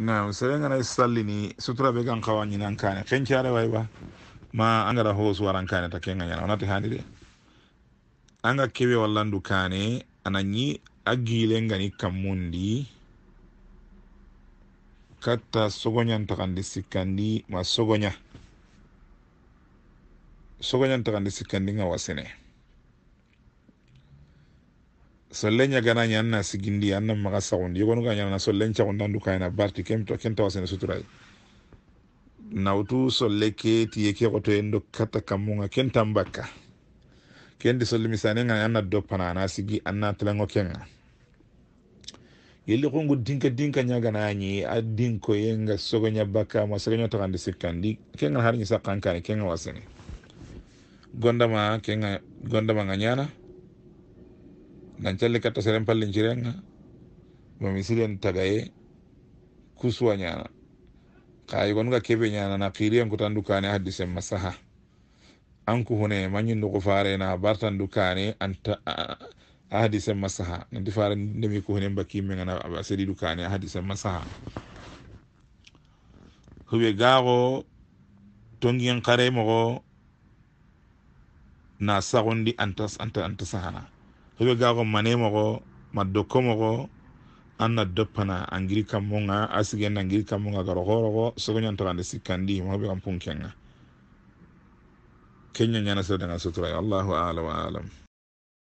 na serengana sallini sutura be gan kawa ñinan kane wayba ma angara ho suwaran kane ta kenga ñana onati hani de anga kewe wallandu kane ananyi agile ngani kammundi katta sogoñantakandi sikkandi ma sogoña sogoñantakandi sikkandi nga wasine sollen ñagana anna sigindi anna maxa saxundi yogonu ga ñanana sollen caxundandu kayana barti kemto kentawa sene suturay nawtu solle ke tiye ke xotoyen do kata kammunga kentan bakka kendi solle misanenga anna doppana ana sigi anna telango kenga yeli xungu dinka dinka ñaganañi a dinkoyenga sogoña bakka ma sogoño taxandi sikkandi kenga harñi saqqankani kenga wasene gondama kenga gondama nga ñana nan calle katta seren pallen cirenga mami siren tagaye kusuwa ñana kayi gonga kebe ñana na kiriyen kutan dukane haddi semma saha anku hune mañin duku farena bartan dukane anta a haddi semma saha nanti fara ndemi ku hune mbaki gana a sedi dukane a haddi semma saha huɓe gaaxo tongiyen kare moxo na saxondi anta anta anta sahana hoɓe gago manemogo maddo komogo an na doppana angiri kammonga a sigi en angiri kammonga garo horogo sogoñantogande sikkandi ma hoɓe kam punkenga kenya ñana seredaga sutura allahu alam wa alam